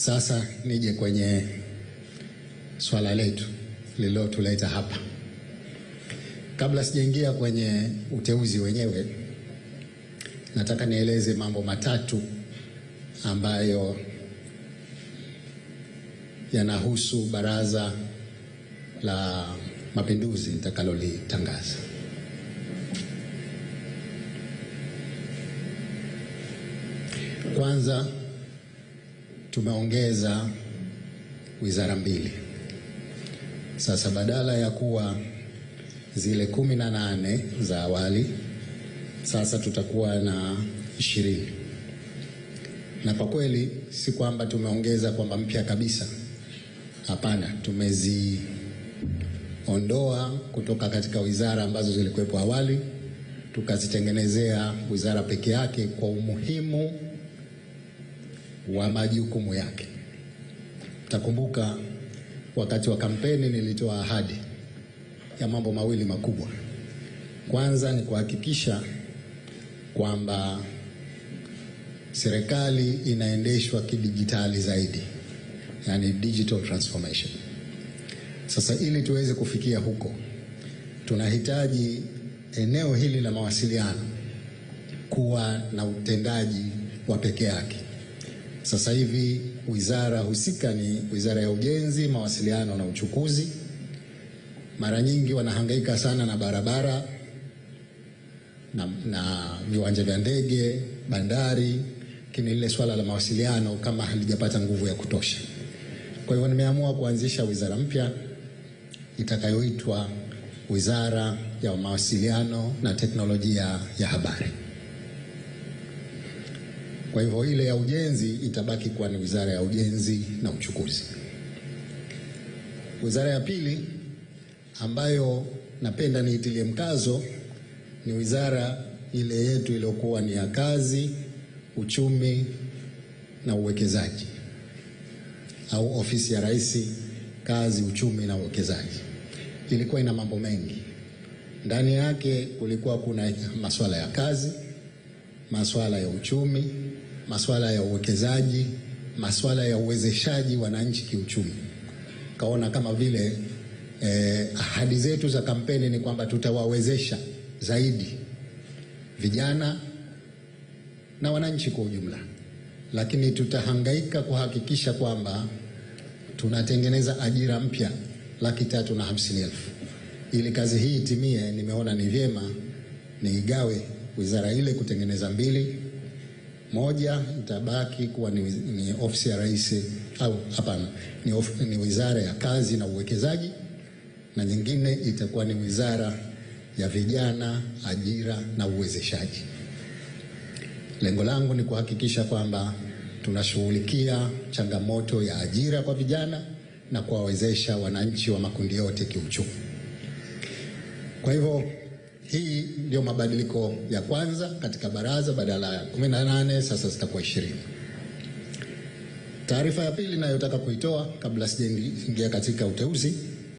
Sasa nije kwenye swala letu lililotuleta hapa. Kabla sijaingia kwenye uteuzi wenyewe, nataka nieleze mambo matatu ambayo yanahusu Baraza la Mapinduzi nitakalolitangaza. Kwanza tumeongeza wizara mbili. Sasa badala ya kuwa zile kumi na nane za awali, sasa tutakuwa na ishirini. Na kwa kweli si kwamba tumeongeza kwamba mpya kabisa, hapana, tumeziondoa kutoka katika wizara ambazo zilikuwepo awali, tukazitengenezea wizara peke yake kwa umuhimu wa majukumu yake. Takumbuka wakati wa kampeni nilitoa ahadi ya mambo mawili makubwa. Kwanza ni kuhakikisha kwamba serikali inaendeshwa kidijitali zaidi, yani digital transformation. Sasa ili tuweze kufikia huko, tunahitaji eneo hili la mawasiliano kuwa na utendaji wa peke yake. Sasa hivi wizara husika ni Wizara ya Ujenzi, Mawasiliano na Uchukuzi. Mara nyingi wanahangaika sana na barabara na, na viwanja vya ndege, bandari, lakini lile swala la mawasiliano kama halijapata nguvu ya kutosha. Kwa hivyo nimeamua kuanzisha wizara mpya itakayoitwa Wizara ya Mawasiliano na Teknolojia ya Habari. Kwa hivyo ile ya ujenzi itabaki kuwa ni wizara ya ujenzi na uchukuzi. Wizara ya pili ambayo napenda niitilie mkazo ni wizara ile yetu iliyokuwa ni ya kazi, uchumi na uwekezaji au ofisi ya Rais kazi, uchumi na uwekezaji. Ilikuwa ina mambo mengi ndani yake, kulikuwa kuna masuala ya kazi, masuala ya uchumi masuala ya uwekezaji, masuala ya uwezeshaji wananchi kiuchumi. Kaona kama vile eh, ahadi zetu za kampeni ni kwamba tutawawezesha zaidi vijana na wananchi kwa ujumla, lakini tutahangaika kuhakikisha kwamba tunatengeneza ajira mpya laki tatu na hamsini elfu. Ili kazi hii itimie, nimeona ni vyema niigawe wizara ile kutengeneza mbili moja itabaki kuwa ni, ni ofisi ya rais au hapana, ni, of, ni wizara ya kazi na uwekezaji, na nyingine itakuwa ni wizara ya vijana, ajira na uwezeshaji. Lengo langu ni kuhakikisha kwamba tunashughulikia changamoto ya ajira kwa vijana na kuwawezesha wananchi wa makundi yote kiuchumi. Kwa hivyo hii ndio mabadiliko ya kwanza katika baraza, badala ya 18 sasa zitakuwa 20. Taarifa ya pili inayotaka kuitoa kabla sijaingia katika uteuzi